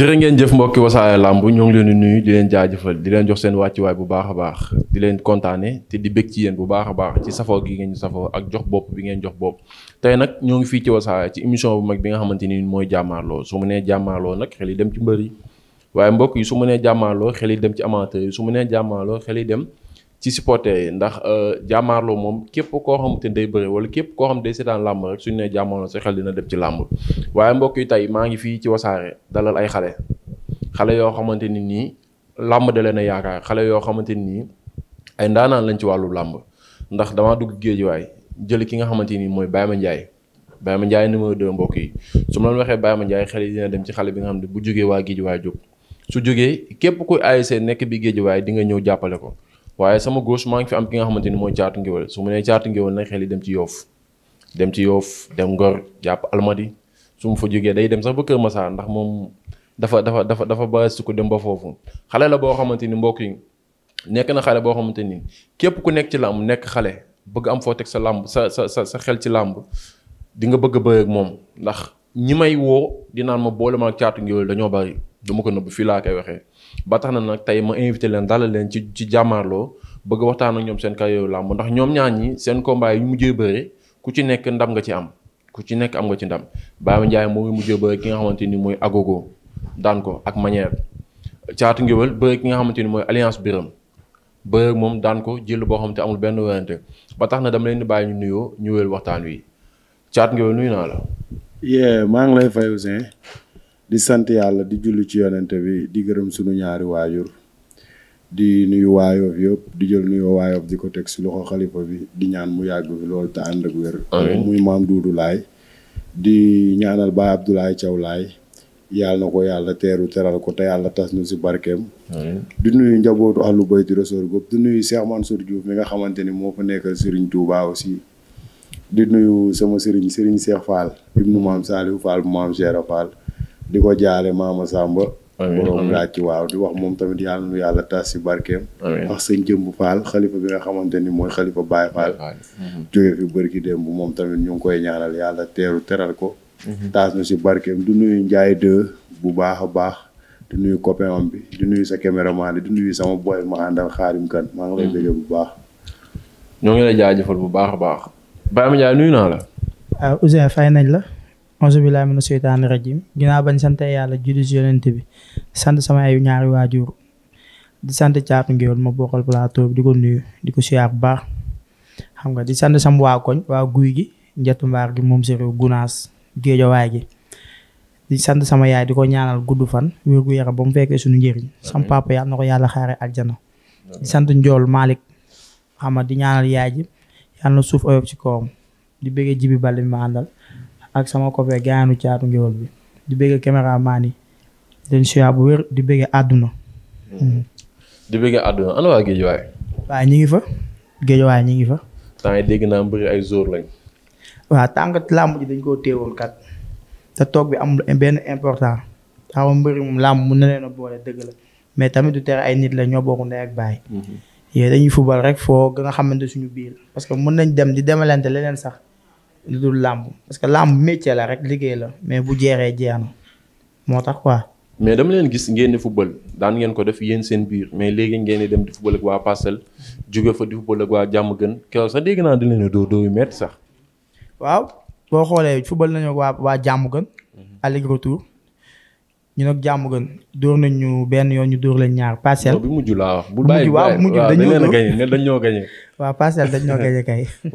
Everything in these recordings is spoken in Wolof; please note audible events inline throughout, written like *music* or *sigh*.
jërë ngeen jëf mbokki wasaare làmb ñoo ngi leen di nuyu di leen jaajëfal di leen jox seen wàccuwaay bu baax a baax di leen kontaane te di bëgg ci yéen bu baax a baax ci safoo gi ngeen safoo ak jox bopp bi ngeen jox bopp tey nag ñoo ngi fii ci wasaare ci émission bu mag bi nga xamante ni mooy jàmmaarloo su mu nee jàmmaarloo nag xel yi dem ci mbër yi waaye mbokk yi su mu nee jàmmaarloo xel yi dem ci amateur su mu nee jàmmaarloo xel yi dem ci supporter yi ndax euh, jàmmaarloo moom képp koo xamante te day bëri wala képp koo xam day seetaan làmb rek suñu nee jàmmaarloo sa xel dina dem ci làmb waaye mbokk yi tey maa ngi fii ci wasaare dalal ay xale xale yoo xamante ni nii làmb da leen a yaakaar xale yoo xamante ni nii ay ndaanaan lañ ci wàllu làmb ndax damaa dugg géejuwaay jël ki nga xamante ni mooy Baye Mandiaye Baye Mandiaye numéro 2 mbokk yi su ma leen waxee Baye Mandiaye xel yi dina dem ci xale bi nga xam ne bu jógee waa géejuwaay jóg su jógee képp kuy ASC nekk bi géejuwaay di nga ñëw jàppale ko waaye sama gauche maa ngi fi am ki nga xamante ni mooy caatu ngéwél su ma nee caatu ngéwél nag xel yi dem ci yoof dem ci yoof dem ngor jàpp almadi su ma fa jógee day dem sax ba Kër Masaar ndax moom dafa dafa dafa dafa bàyyi su ko dem ba foofu xale la boo xamante ni mbokk yi nekk na xale boo xamante ni képp ku nekk ci làmb nekk xale bëgg am foo teg sa làmb sa sa sa xel ci làmb di nga bëgg a ak moom ndax ñi may woo di ma boole ma ak caatu ngéwél dañoo bari du ma ko nëbb fii laa koy waxee ba tax na nag tey ma invité leen dalal leen ci ci jàmmaarloo bëgg waxtaan ak ñoom seen kaw làmb ndax ñoom ñaar ñi seen combat yi mujjee bëre ku ci nekk ndam nga ci am ku ci nekk am nga ci ndam Baye Ndiaye moo ngi mujjee bëre ki nga xamante ni mooy agogo daan ko ak manière caatu ngéwél bëre ki nga xamante ni mooy alliance biram bëre moom daan ko jël boo xamante amul benn werante ba tax na dama leen di bàyyi ñu nuyoo ñëweel waxtaan wi caatu ngéwél nuyu naa la. yee maa ngi lay di sant yàlla di julli ci yonente bi di gërëm sunu ñaari waajur di nuyu waayof yëpp di jël nuyu waayof di ko teg si loxo xalifa bi di ñaan mu yàgg fi loolu te ànd ak wér muy maam Duudu Laay di ñaanal baa Abdoulaye Thiaw yàlla na ko yàlla teeru teral ko te yàlla tas nu si barkeem di nuyu njabootu allu bayti rasul góob di nuyu Cheikh Mansour Diouf mi nga xamante ni moo fa nekkal sëriñ Touba aussi di nuyu sama sëriñ sëriñ Cheikh Fall ibnu maam Saliou Fall di ko jaale maama Samba. borom laaj ci waaw di wax moom tamit yàlla nu yàlla tas si barkeem. wax sëñ Jëmb Fall xalifa bi nga xamante ni mooy xalifa Baye Fall. Mhm. jóge fi bëri ki démb moom tamit ñu ngi koy ñaanal yàlla teeru teral ko. Mhm. taas na si barkeem du nuyu Njaay de bu baax a baax. di nuyu copain am bi di nuyu sa caméraman bi di nuyu sama boy ma àndal xaarim kan maa ngi lay mhm. bëggee bu baax. ñoo ngi lay jaajëfal bu baax a baax. Baye Mandiaye nuyu naa la. Ah, auzu billaahi mina seytaani rajim ginnaaw bañ sant yàlla julli si yonent bi sant sama ay ñaari waajur di sant caatu ngéwél ma bokkal plateau bi di ko nuyu di ko siyaar bu baax xam nga di sant sama waa waa guy gi njëtt mbaar gi moom si réew gunaas géejawaay gi di sant sama yaay di ko ñaanal gudd fan wér gu yaram ba mu fekkee suñu njëriñ sama papa yàlla na ko yàlla xaare aljana di sant njool Malick xam nga di ñaanal yaay ji yàlla na suuf oyof ci kawam di bëggee jibi bale bi ma àndal ak sama copain gaanu caatu ngéwél bi di bëgg caméraman yi den suya bu wér di bëgg àdduna hmm. di bëgg àdduna ana waa géejuwaay waaw ñi ngi fa géejuwaay ñi ngi fa temps dégg naa mbëri ay jour lañ waaw tànk làmb ji dañ koo téewoon kat te toog bi amul benn important xaw ma mbëri moom mu mun na leen boole dëgg la mais tamit du tere ay nit lañ ñoo bokk ndey ak baay hmm. yooyu dañuy fubal rek foo gën a xamante suñu biir parce que mën nañ dem di demalante leneen sax lu dul làmb parce que làmb métier la rek liggéey la mais bu jeexee jeex na moo tax quoi. mais dama leen gis ngeen di football daan ngeen ko def yéen seen biir mais léegi ngeen di dem di football ak waa Parcelles jóge fa di football ak waa jàmm gën keroog sax dégg naa dina leen doo doo yu métti sax. waaw boo xoolee football nañu waa waa jàmm gën. Mhm. aller ñu nag jàmm gën dóor nañ ñu benn yoon ñu dóor leen ñaar parcelle. bi mujj laa wax bu bàyyi waaw bu mujj dañ dañ ñoo gañe. waaw parcelle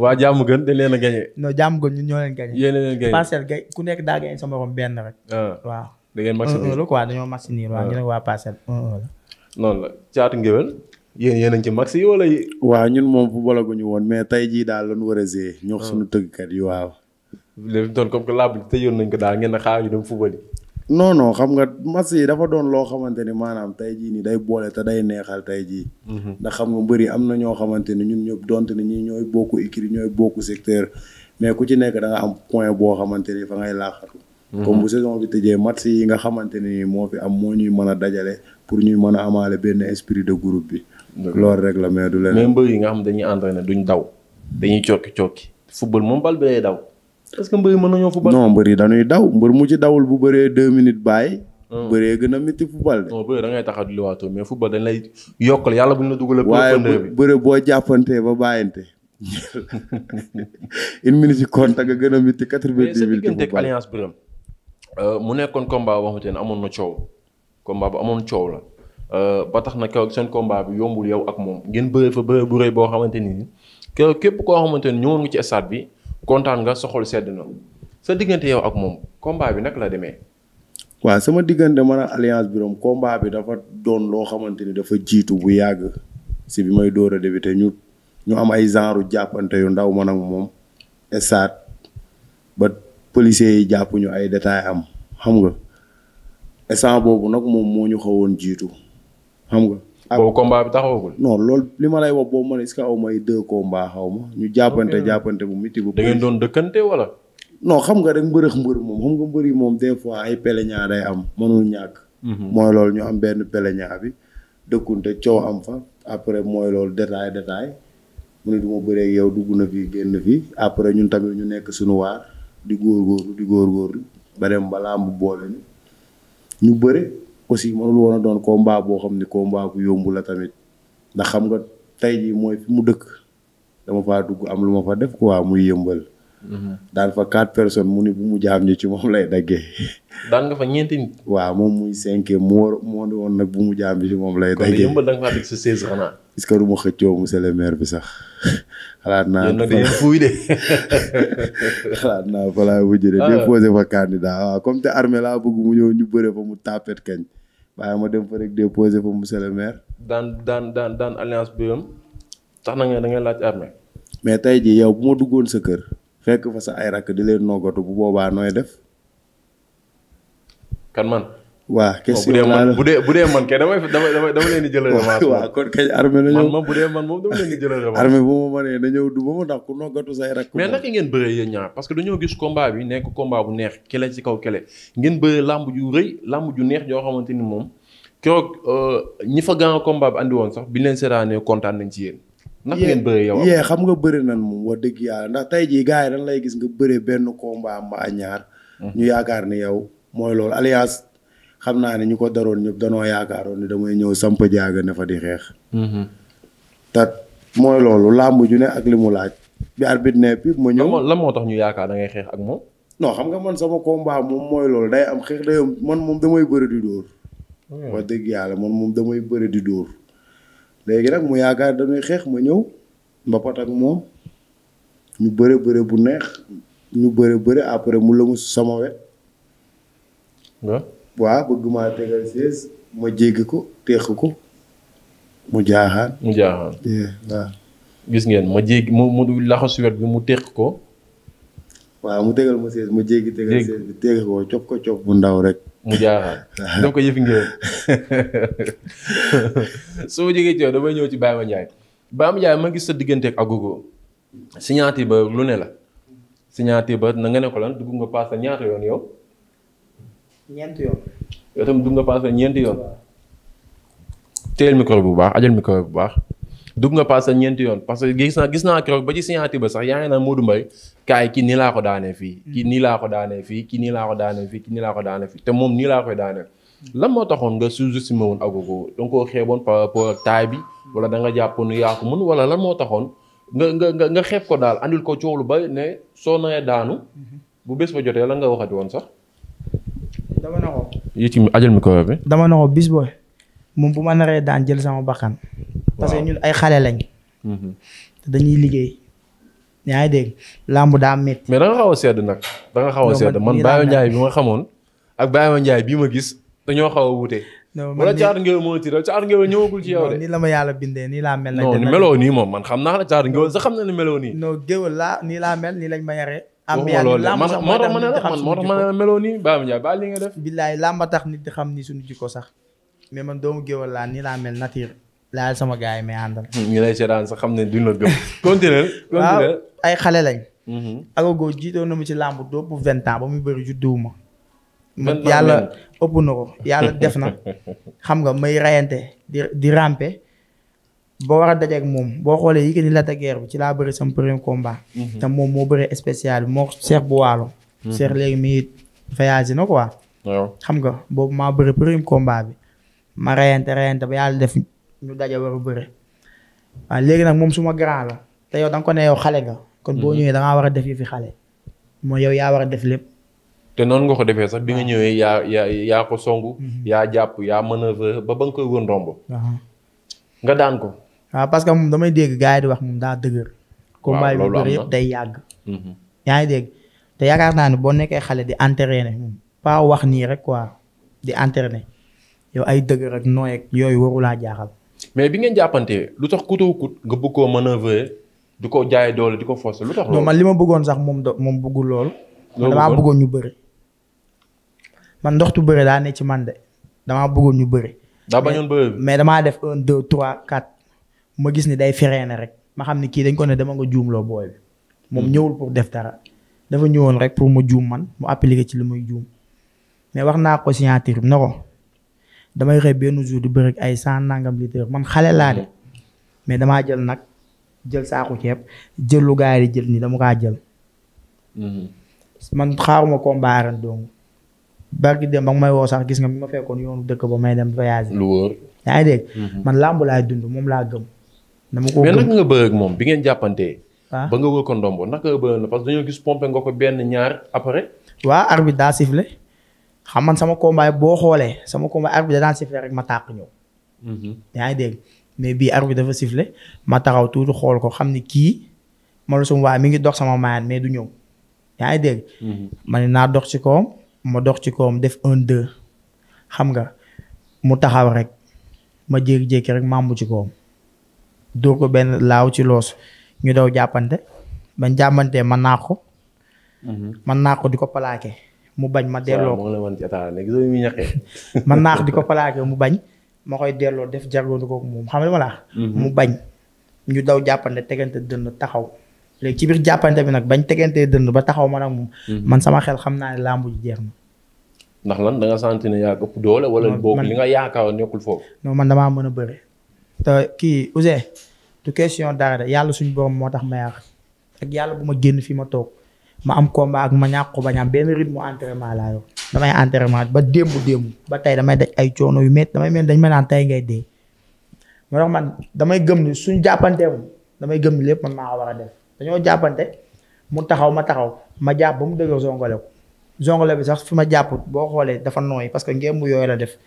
waa jàmm dañ leen a gañe. *laughs* non jàmm gën ñun ñoo leen gañe. parcelle gay ku nekk daa gañe sa morom benn rek. Ah. waaw da ngeen match nii la quoi dañoo match nii waaw ah. waa parcelle. noonu la caatu ngéwél yéen yéen a ngi ci match yi wala yi. waaw ñun moom fu bolaguñu woon mais tey jii daal lañu war a zee. ñoo ah. suñu tëggkat yi waaw. léegi doon comme que làmb tëjoon nañ ko daal ngeen a xaar ñu dem fubali non non xam nga match yi dafa doon loo xamante ni maanaam tey jii nii day boole te day neexal tey jii mhm. ndax xam nga mbëri am na ñoo xamante ni ñun ñëpp donte ni ñi ñooy bokk écurie ñooy bokku secteur mais ku ci nekk da nga am point boo xamante ni fa ngay laaxatu mhm. comme bu saison bi tëjee match yi nga xamante ni moo fi am moo ñuy mën a dajale pour ñuy mën a amaale benn esprit de groupe bi loolu rek la mais du leneen mais mbër yi nga xam dañuy entraîné duñ daw dañuy cokki cokki football moom bal bi lay daw est-ce que mbër yi mën nañoo football. non mbër yi dañuy daw mu ci bu bëree deux minutes bàyyi. Ah. gën a métti football de. da ngay tax a di liwaatoo yàlla bu ñu la dugalee. waaye bëre boo jàppantee ba bàyyante. *laughs* une minute gën a métti quatre vingt dix mille. Euh, mu nekkoon combat boo xamante amoon na coow. combat bu amoon coow la. Euh, ba tax na kaw seen combat bi yombul yow ak moom ngeen bëree fa bëree bu rëy boo xamante ni képp koo xamante ni ñëwoon nga ci stade bi. kontaan nga soxol sedd na sa diggante yow ak moom combat bi nag la demee. waaw sama diggante man a alliance room combat bi dafa doon loo xamante ni dafa jiitu bu yàgg si bi may door a débuté ñu ñu am ay genre jàppante yu ndaw ma ak moom estaat ba policiers yi jàpp ñu ay détails am xam nga instant boobu nag moom moo ñu xawoon jiitu xam nga. boobu combat bi taxawagul. non loolu li ma lay wax boobu man est ce que aw may deux combat xaw ma ñu jàppante jàppante bu miti bu. da ngeen doon dëkkante wala. non xam nga rek mbërëx mbër moom xam nga mbëri moom des fois ay peleñaa day am mënul ñàkk. Mhm. mooy loolu ñu am benn peleñaa bi dëkkunte coow am fa après mooy loolu détail détail mu ne du ma bëree yow dugg na fi génn fii après ñun tamit ñu nekk suñu waar di góor di góorgóorlu ba dem ba làmb boole ñu bëre. aussi mënul woon a doon koo mbaa boo xam ni combat bu yomb la tamit ndax xam nga tey jii mooy fi mu dëkk dama faa dugg am lu ma fa def quoi muy yëmbal daan fa quatre personnes mu ni bu mu jaam ñu ci moom lay daggee. daan nga fa ñeenti nit. waaw moom muy cinq mu war moo di woon nag bu mu jaam ñu ci moom lay. daggee kon yëmbal xëccoo monsieur le maire bi sax *laughs* xalaat naa. yéen nag yéen fuuy de. *laughs* fa laa mujj de. Ah. déposé fa candidat waaw comme te armée laa bëgg mu ñëw ñu bëre fa mu tapet kañ. waaye ma dem fa rek déposé fa monsieur le maire. daan daan daan daan alliance tax na nga da laaj armée mais tey ji yow bu ma duggoon sa kër. fekk fa sa ay rakk di leen noggatu bu boobaa nooy def. kan man. waa oh, question laa bu dee bu dee man kay damay damay dama *laughs* leen di jël revanche. waaw kon kay armée la bu dee man moom dama leen ma mënee na ñëw du ba ma ndax ku noggatu say rakk. mais naka ngeen bëree yéen ñaar parce que dañoo gis combat bi nekk kombaa bu neex kele ci kaw kele ngeen bëree làmb ju rëy làmb ju neex joo xamante ni moom keroog euh, ñi fa gàncax combat bi andi woon sax biñ leen seetaanee kontaan nañ ci yéen. naka xam nga bëri nan moom wax dëgg yàlla ndax tey jii gars yi dañ lay gis nga bëree benn combat ñaar mhm. ñu yaakaar ni yow mooy loolu alliance xam naa ne ñu ko daroon ñëpp danoo yaakaaroon ni damay ñëw samp jaaga ne di xeex mhm. te mooy làmb ju ne ak li mu laaj bi arbitre ne pip ma ñëw moo tax ñu yaakaar da ngay xeex ak moom xam nga man sama combat moom mooy loolu day am xeex day man moom damay bëri di dóor oh, wax dëgg yàlla man moom damay bëri di dóor léegi nag mu yaakaar dañuy xeex ma ñëw mbapat ak moom ñu bëre bëre bu neex ñu bëre bëre après mu lëmu sama wet. waaw bëgg maa tegal siis ma jéggi ko téex ko mu jaaxaan. mu jaaxaan gis ngeen ma jéggi mu mu laxasu wet bi mu teex ko. waa mu tegal ma siis ma jéggi. tegal siis bi teex ko cop ko cop bu ndaw rek. mu jaaxal *laughs* donc yëfi ngeen soo *laughs* jógee ci yow damay ñëw ci Baye Mandiaye Baye Mandiaye ma gis sa diggante ak Agogo signature ba lu ne la signature ba na nga ne ko lan dugg nga paase ñaata yoon yow. ñeenti yoon. yow tam dugg nga paase ñeenti yoon. teel micro bu baax ajal micro bu baax. dugg nga paas sa ñeenti yoon parce que gis naa gis naa keroog ba ci signature ba sax yaa ngi naan Modou Mbaye kaay kii mm. fii kii nii laa ko daanee fii kii nii laa ko daanee fii kii nii fii te moom nii laa koy daanee lan moo taxoon nga sous-estimé woon Agogo da nga koo xeeboon par rapport ak bi wala da nga jàppoon yaa ko mën wala lan moo taxoon nga nga nga xeeb ko daal andil ko coow lu bari ne soo nawee daanu mm-hmm. bu bés ba jotee lan nga waxati woon sax dama na ko yi ci ajal micro bi dama na ko bis booy moom bu ma naree daan jël sama bakkan parce que ñun ay xale lañ. Mhm. dañuy liggéey. yaa ngi dégg làmb daa métti. mais da nga xaw a sedd nag. da nga sedd man Bayo Ndiaye bi ma xamoon. ak Bayo Ndiaye bii ma gis dañoo xaw a wute. wala caar ngéwél moo tiital caar ngéwél ñëwagul ci yow de. nii la ma yàlla bindee nii laa mel. non meloo nii moom man xam naa la caar ngéwél sax na ne meloo nii. non laa mel nii lañ ma yaree. am yaa ngi moo tax ma ne la meloo nii Bayo Ndiaye ba li nga def. billaay làmb tax nit di xam ni suñu jikko sax mais man doomu géwél laa nii laa mel nature laal sama gars yi may àndal. *laughs* ñu lay seetaan sax xam ne duñ la gëm. continué *laughs* ay xale lañ. Mhm. Agogo jiitoo na mu ci làmb dopp vingt ans ba mu bëri judduwu ma. yàlla ëpp na ko yàlla def na *laughs* xam nga may rayante di di rampe boo war a dajeeg moom boo xoolee Yékini Lac de Guiers bi ci laa bëri sama premier combat. Mhm. te moom moo bëri spécial moo Cheikh bu waalo mhm. Cheikh léegi mi voyage na quoi. xam nga boobu maa bëri premier combat bi ma rayante rayante ba yàlla def ñu daje war a bëre. waaw léegi nag moom suma grand la te yow da nga ko ne yow xale nga. kon boo mhm. ñëwee da war a def yi fi xale. mooy yow yaa war a def lépp. te noonu nga ko defee sax bi nga ñëwee yaa yaa yaa ko songu. Mhm. yaa jàpp yaa manœuvre ba ba nga koy wër ndomb. nga daan ko. waaw parce que moom damay dégg gars yi di wax moom daa dëgër. combat yi bëri yëpp day yàgg. Mhm. yaa ngi dégg te yaakaar naa ne boo nekkee xale di entraîné moom pas wax nii rek quoi di entraîné mais bi ngeen jàppante lu tax kutoo kut nga bëgg koo manœuvrer di ko jaay doole di ko forcer lu tax. loolu man li ma bëggoon sax moom do moom bëggul lool. loolu damaa bëggoon ñu bëre. man ndoxtu bëre daa ne ci man de damaa bëggoon ñu bëre. daa bañoon bëre mais damaa def un deux trois quatre ma gis ni day freiné rek ma xam ni kii dañ ko ne dama nga juumloo booy bi moom hmm. ñëwul pour def dara dafa ñëwoon rek pour ma juum man mu appliqué ci li muy juum mais wax naa ko signature na ko. damay xëy benn jour di bëri ay cent nangam litre man xale laa de mais damaa jël nag jël saaku ceeb jël lu gars yi di jël nii dama kaa jël. Mhm. man xaaruma combat ren dong barki dem ba may woo sax gis nga bi ma fekkoon yoonu dëkk ba may dem voyage. lu wóor dégg. Mhm. man làmb laay dund moom laa gëm. dama ko gëm mais naka nga bëgg moom bi ngeen jàppante. Ah? ba nga wër ko ndombo naka nga bëgg na parce que dañoo gis pompe nga ko benn ñaar après. waa arbitre xam man sama combat boo xoolee sama combat arbitre da daan siffler rek ma tàq ñëw. Mhm. yaa ngi dégg mais bii arbitre dafa siffler ma taxaw tuuti xool ko xam ni kii ma la sum waaye mi ngi dox sama maayaan mais du ñëw yaa ngi dégg. Mhm. ma naa dox ci kawam ma dox ci kawam def un deux xam nga mu taxaw rek ma jékki-jékki rek màmbu ci kawam dóor ko benn laaw ci loos ñu daw jàppante bañ jàppante man naa ko. Mhm. man naa ko di ko palaake mu bañ ma delloo ko *laughs* man naax di ko plaqué mu bañ ma koy delloo def jargoondu kooku moom xam nga ma laa mm-hmm. mu bañ ñu daw jàppante tegante dënn taxaw léegi ci biir jàppante bi nag bañ tegantee dënn ba taxaw ma ak moom mm-hmm. man sama xel xam naa ne làmb ji jeex na ndax lan da nga sentir ne yaa ëpp doole wala boog li nga yaakaar nekkul foofu non man damaa mën a bëre te kii Ouzin du question dara de yàlla suñu borom moo tax ma yàq ak yàlla bu ma génn fi ma toog ma am combat ak ma ñàqu ko bañ am benn rythme entraînement laa yor damay entraînement ba démb démb ba tey damay daj ay coono yu métti damay mel dañ ma naan ngay dee ma man damay gëm ni suñu jàppanteewul damay gëm lépp man maa a def dañoo jàppante mu taxaw ma taxaw ma jàpp ba mu dëgër zongale ko zongale bi sax fi ma jàpp boo xoolee dafa nooy parce que ngeen mu yooyu la def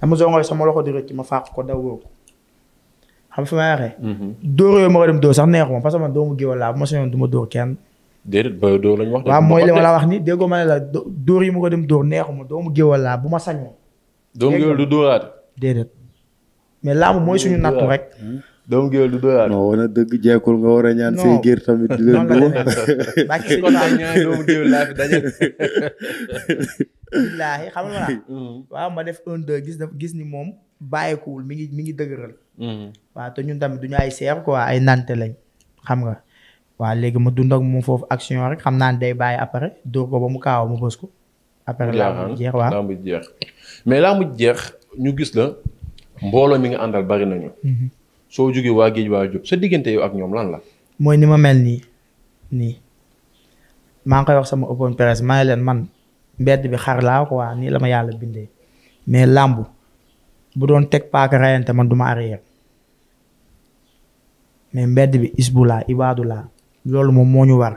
dama zongale sama loxo di ma fàq ko daw wóor ko xam fi may waxee. Mhm. dóor yooyu ma ko dem dóor sax neexuma parce que doo doomu géwél laa bu ma sañoon du dóor kenn. déedéet Boy Dóor lañ wax. waaw mooy li ma la wax ni déggoo ma ne la dóor yi mu ko dem dóor neexuma doomu géwal laa bu ma sañoon. doomu géwal du dóoraat. déedéet mais laamu mooy suñu nattu rek. Hmm? doomu géwal du dóoraat. non wane dëgg jeekul nga a ñaan. non say géer tamit di *laughs* xam nga hmm. waaw ma def un deux gis ni moom bàyyikuwul mi ngi mi ngi dëgëral. Hmm. waaw te ñun tamit du ay seer quoi ay nante lañ xam nga. waaw léegi ma dund ak moom foofu action rek xam naa ne day bàyyi après dóor ko ba mu kaaw ma bës ko. après laa mu jeex waa laa mu mais laa mu jeex ñu gis la mbooloo mi nga àndal bari nañu. Mhm. soo jógee waa géej waa jóg sa diggante yow ak ñoom lan la. mooy ni ma mel nii nii maa ngi koy wax sama open presse maa leen man mbedd bi xar laa ko waa nii la ma yàlla bindee mais làmb bu doon teg paaka rayante man du ma mais mbedd bi isbu laa ibaadu laa loolu moom moo ñu war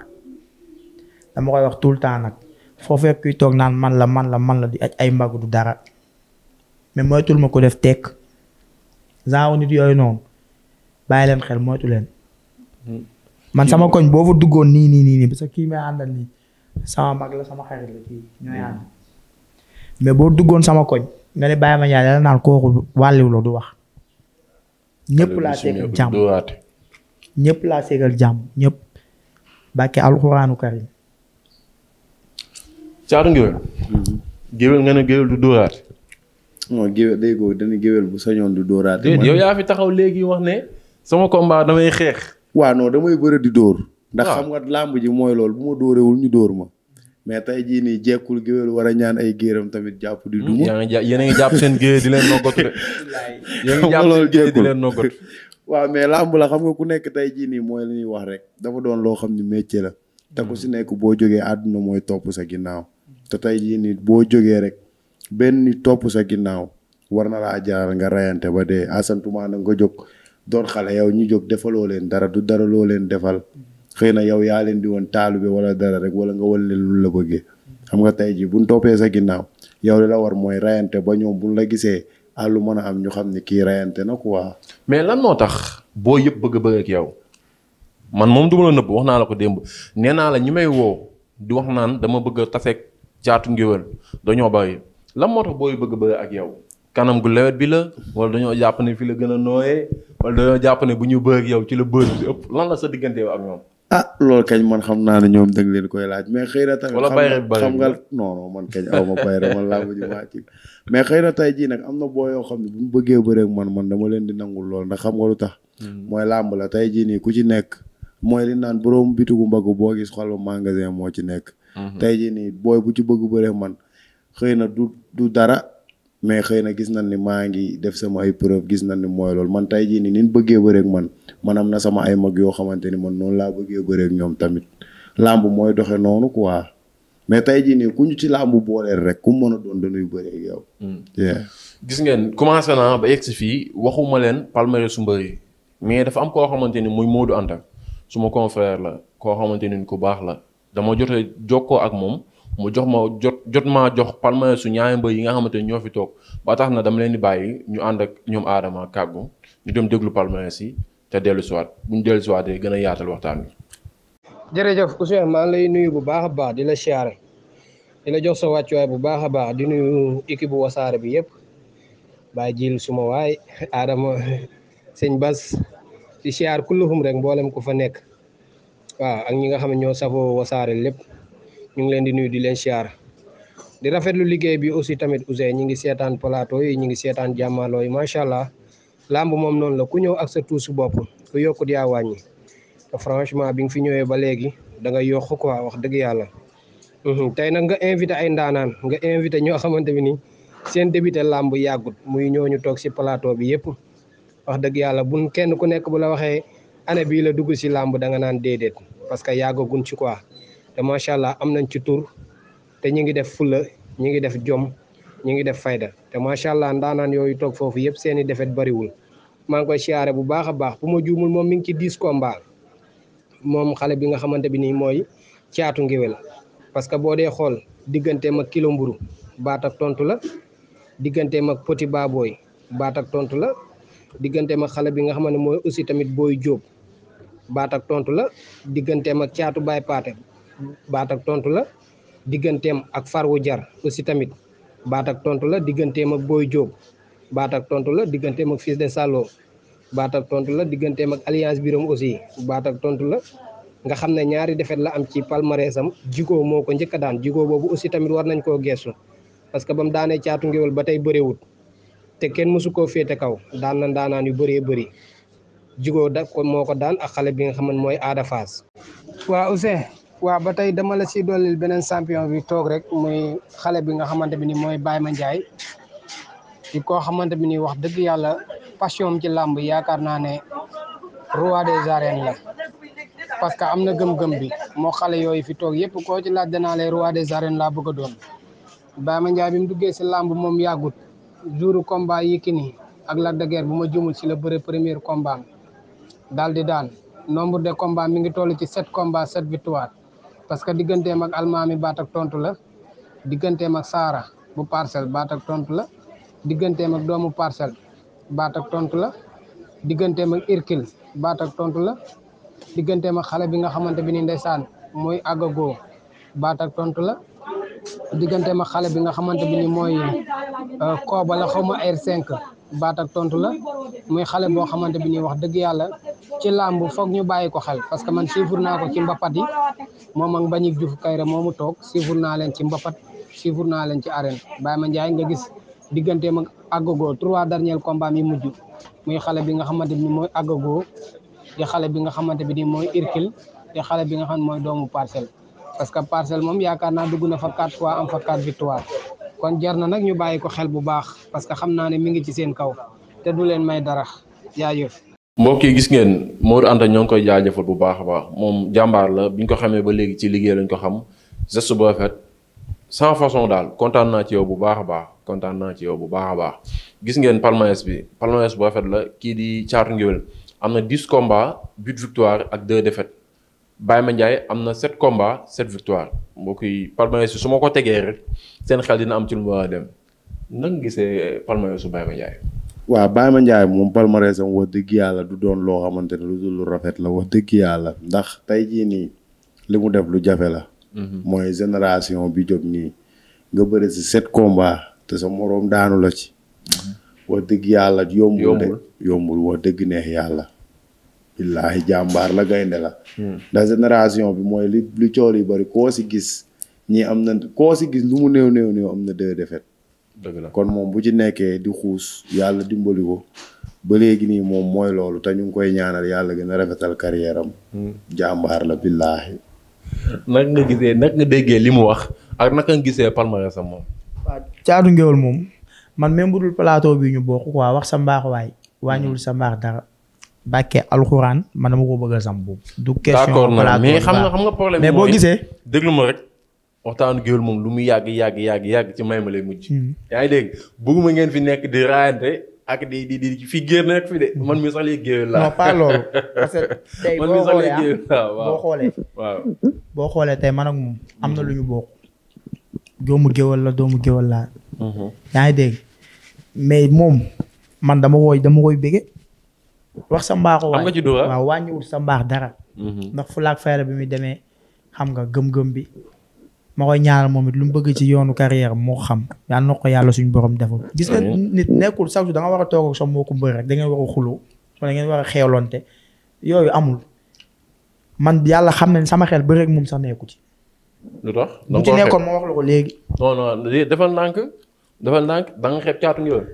dama koy wax tout le temps nag foo kuy toog naan man la man la man la di aj ay mbagg du dara mais moytul ma ko def tekk genre nit yooyu noonu bàyyi leen xel moytu leen. Hmm. man sama koñ boo fa duggoon nii nii nii nii parce que kii sama mag la sama xarit la kii ñooy ànd mais boo duggoon sama koñ nga ne bàyyi ma ñaar yàlla naan kooku wàlliw la du wax. ñëpp laa seegal jàmm ñëpp laa seegal jàmm ñëpp. bàkke alxuraanu karim caatu ngéwél mhm. géwél nga ne géwél du dóoraat non géwél day ko bu sañoon du dóoraat yow yaa fi taxaw léegi wax ne sama kombaa damay xeex waa non damay bëre di dóor ndax ah. xam nga làmb ji mooy lool bu ma dóorewul ñu dóor ma mais tey jii nii jekkul géwél war a ñaan ay géeram tamit jàpp di hmm, duma yéen a ngi jàpp seen géwél di leen noggatu de *laughs* yéen a ngi jàpp seen géwél di leen noggatu waaw mais làmb la xam nga ku nekk tey jii nii mooy li ñuy wax rek dafa doon loo xam ni métier la te si nekk boo jógee àdduna mooy topp sa ginnaaw te tey jii nii boo jógee rek benn nit topp sa ginnaaw war na laa jaral nga reyante ba dee asantuma na nga jóg doon xale yow ñu jóg defaloo leen dara du dara loo leen defal xëy na yow yaa leen di woon taalibe wala dara rek wala nga wan leen lu la bëggee xam nga tey jii bu buñ toppee sa ginnaaw yow la la war mooy rayante ba ñoom buñ la gisee à lu mën a am ñu xam ne kii rayante na quoi. mais lan moo tax boo yëpp bëgg a bëgg ak yow man moom du ma la nëbb wax naa la ko démb nee naa la ñi may woo di wax naan dama bëgg a taseeg caatu ngéwél dañoo bàyyi lan moo tax booy bëgg bëgg ak yow. kanam gu lewet bi la wala dañoo jàpp ne fi la gën a nooyee wala dañoo jàpp bu ñu bëgg yow ci la bëri ëpp lan la sa diggante ak ñoom. ah loolu kañ man xam naa ne ñoom da leen koy laaj mais xëy na tamit. wala bayre xam nga non non man kañ aw ma bayre man laa mujj maa ci xëy na tey jii nag am na boo yoo xam ne bu mu bëggee bëreeg man man dama leen di nangu lool ndax xam nga lu tax. Hmm. mooy làmb la tey jii nii ku ci nekk. mooy li naan borom bitigu mbagg boo gis xol ba magasin moo ci nekk. Hmm. tey jii nii booy bu ci bëgg bëreeg man xëy na du du dara. mais xëy na gis nañ ni maa ngi def sama ay preuve gis nañ ni mooy loolu man tey jii ni nin bëggee bëreek man man am na sama ay mag yoo xamante ni man noonu laa bëggee bëreek ñoom tamit làmb mooy doxe noonu ko quoi mais tey jii nii ku ñu ci làmb booleel rek ku mën a doon dañuy bëreek yow. Hmm. gis ngeen commencé naa ba yegg si fii waxuma leen palmarès su mbër yi mais dafa am koo xamante ni muy ak su ma confrère la koo xamante ni ku baax la dama jotee jokkoo ak moom. mu jox ma jot jot maa jox palmarès su ñaari mbër yi nga xamante ñoo fi toog ba tax na dama leen di bàyyi ñu ànd ak ñoom aadama kàggu ñu dem déglu palmarès yi te dellu siwaat bu ñu dellu siwaatee gën a yaatal waxtaan wi. jërëjëf Ousseyn lay nuyu bu baax a baax di la siyaare di la jox sa wàccuwaay bu baax a baax di nuyu équipe bu wasaare bi yëpp bàyyi jiil suma waay aadama sëñ Bas si siyaar kulluhum rek mboolem ku fa nekk waaw ak ñi nga xam ne ñoo safoo wasaare lépp. ñu ngi leen di nuyu di leen siyaar di rafetlu liggéey bi aussi tamit Ouzin ñi ngi seetaan plateau yi ñi ngi seetaan jàmmaloo yi macha allah làmb moom noonu la ku ñëw ak sa tuusu bopp ku yokkut yaa wàññi te franchement bi nga fi ñëwee ba léegi danga nga yokk quoi wax dëgg yàlla. Mhm, tey nag nga invité ay ndaanaan nga invité ñoo xamante bi nii seen débuté làmb yàggut muy ñu toog si plateau bi yëpp wax dëgg yàlla buñ kenn ku nekk bu la waxee année bii la dugg si làmb da nga naan déedéet parce que yàggagun ci quoi. te macha allah am nañ ci tur te ñu ngi def fulla ñu ngi def jom ñu ngi def fayda te macha allah ndaanaan yooyu toog foofu yëpp seen i defet bariwul maa ngi koy siyaare bu baax a baax bu ma juumul moom mi ngi ci dix combat moom xale bi nga xamante bi nii mooy caatu ngéwél parce que boo dee xool digganteem ak kilo mburu baat ak tontu la digganteem ak poti baabooy baat ak tontu la digganteem ak xale bi nga xamante mooy aussi tamit booy jóob baat ak tontu la digganteem ak caatu baay paate baat ak tontu la digganteem ak farwu jar aussi tamit baat ak tontu la digganteem ak booy jóob baat ak tontu la digganteem ak Fils de salo baat ak tontu la digganteem ak alliance biram aussi baat ak tontu la nga xam ne ñaari defet la am ci palmarès am jikoo moo ko njëkk daan jikoo boobu aussi tamit war nañ koo geesu parce que bam daanee caatu ngéwél ba tey bëriwut te kenn mësu koo féete kaw daan na daanaan yu bëree bëri jigo da ko moo ko daan ak xale bi nga xam mooy aada faas waaw ba tey dama la si dollil beneen champion bi toog rek mooy xale bi nga xamante bi ni mooy Baye Mandiaye di koo xamante bi ni wax dëgg yàlla passion ci làmb yaakaar naa ne roi des arènes la parce que am na gëm-gëm bi moo xale yooyu fi toog yëpp koo ci laaj danaa lay roi des laa bëgg doon Baye Mandiaye bi mu duggee si làmb moom yàggut jouru combat Yékini ak la de bu ma jumul si la bëre premier combat daal di daan nombre de combat mi ngi toll ci sept combat sept victoire parce que digganteem mag almaami baat ak tontu la digganteem ak saara bu parcelle baat ak tontu la digganteem mag doomu parcelle baat ak tontu la digganteem mag irkil baat ak tontu la digganteem ak xale bi nga xamante bi ni ndeysaan mooy àggagoo baat ak tontu la digganteem ak xale bi nga xamante bi ni mooy euh, kobala la air cinq baat tontu la muy xale boo xamante bi nii wax dëgg yàlla ci làmb foog ñu bàyyi ko xel parce que man siifur naa ko ci mbapat yi moom ak Mbagnick Diouf Kayre moomu toog siifur naa leen ci mbapat siifur naa leen ci arène Baye Ma Ndiaye nga gis digganteem ak Agogo trois dernier combat mi mujj muy xale bi nga xamante bi ni mooy Agogo di xale bi nga xamante bi ni mooy Irkil di xale bi nga xam ne mooy doomu parcel parce que parcelle moom yaakaar naa dugg na fa quatre fois am fa quatre victoire kon jar na nag ñu bàyyi ko xel bu baax parce que xam naa ne mu ngi ci seen kaw te du leen may dara jaajëf. mbokk yi gis ngeen moor ànd Anta ñoo ngi koy jaajëfal bu baax a baax moom jàmbaar la bi ñu ko xamee ba léegi ci liggéey lañ ko xam geste bu rafet sans façon daal kontaan naa ci yow bu baax a baax kontaan naa ci yow bu baax a baax gis ngeen palmarès bi palmarès bu rafet la kii di Thiatou Nguéweul am na 10 combats 8 victoire ak 2 défaites Baye Mandiaye am na 7 combats mbokk yi palmarès su ma ko tegee rek seen xel dina am ci lu ma dem nan nga gisee palmarès su Baye Mandiaye. waaw Baye Mandiaye moom palmarès am wax dëgg yàlla du doon loo xamante ne lu dul lu rafet la wax dëgg yàlla ndax tey jii nii li mu def jafe la. Mhm. mooy génération bi jóg nii nga bëri si sept combats te sa moroom daanu la ci. Mhm. wax dëgg yàlla yombul de yombul wax dëgg neex yàlla. billaahi jàmbaar la gaynde la ndax hmm. génération bi mooy li li cool yu bëri koo si gis ñi am na koo si gis lu mu néew néew néew am na deux défaites dëgg la kon moom bu ci nekkee di xuus yàlla dimbali ko ba léegi nii moom mooy loolu te ñu ngi koy ñaanal yàlla gën a rafetal carrière am hmm. jàmbaar la billaahi naka nga gisee nag nga déggee li mu wax ak naka nga gisee palmarès am moom waaw caatu ngéwél moom man même bu dul plateau bi ñu bokk quoi wax sa mbaax waay wàññiwul sa bàkkee alxuraan man dama ko bëgg sam sampu. du question mais xam nga xam nga problème mais gisee. déglu waxtaanu géwél moom lu mu yàgg yàgg yàgg yàgg ci may ma lay mujj. Hmm. yaa ngi dégg ngeen fi nekk di ak di fi géer nekk hmm. man mii sax lay géwél laa. *laughs* Ah, xoolee tey man am na lu ñu bokk. doomu géwél la doomu géwél hmm. moom man dama koy dama koy bëgge wax sa mbaaxu waay am nga ci waaw wàññiwul sa mbaax dara. Mhm. ndax fulaak fayda bi muy demee xam nga gëm-gëm bi. ma koy ñaanal moom it lu mu bëgg ci yoonu carrière moo xam yal na ko yàlla suñu borom defal. gis nga nit nekkul chaque jour da war a toog ak sa mbokku mbër rek da ngeen war a xuloo wala ngeen war a xeelonte yooyu amul man yàlla xam ne sama xel ba rek moom sa nekku ci. lu tax bu ci nekkoon ma wax la ko léegi. non non defal ndànk defal ndànk da xeeb caatu ngeewal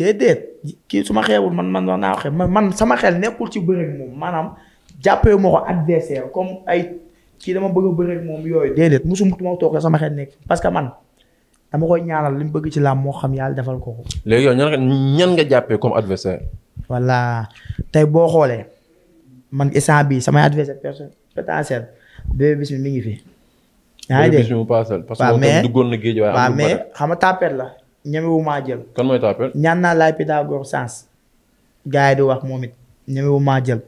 déedéet kii su ma xeebul man man wax naa xeeb man sama xel nekkul ci bëreeg moom maanaam jàppee ma ko adversaire comme ay kii dama bëgg a moom yooyu déedéet musuma ma toog sama xel nekk parce que man dama koy ñaanal li mu bëgg ci làmb moo xam yàlla defal ko ko. léegi yow ñan nga ñan nga jàppee comme adversaire. voilà tey boo xoolee man instant bii samay adversaire personne potentiel bébé bis mi ngi fi. yaa ngi dégg bébé bis mi mu paasal. na géej waaye. xam nga tàppet la. ñemewu maa jël. kan mooy tàppeel. ñaan naa laay Pythagore sans gars yi di wax moom it ñemewu maa jël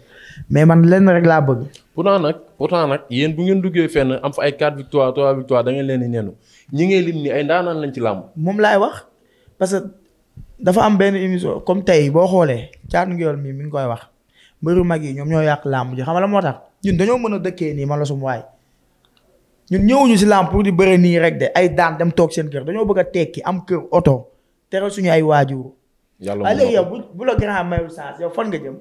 mais man lenn rek laa bëgg. pourtant nag pourtant nag yéen bu ngeen duggee fenn am fa ay 4 victoire 3 victoire da ngeen leen di nenu ñi ngay lim ni ay ndaanaan lañ ci làmb. moom laay wax parce que dafa am benn émission comme tey boo xoolee Thiatou Nguéweul mi mi ngi koy wax mbëru mag yi ñoom ñoo yàq làmb ji xam nga la moo tax ñun dañoo mën a dëkkee nii man la sum ñun ñëwuñu ci làmb pour di bëre nii rek de ay daan dem toog seen kër dañoo bëgg a tekki am kër oto tere suñu ay waajur. yàlla waaye léegi yow bu bu la grand mayul chance yow fan nga jëm.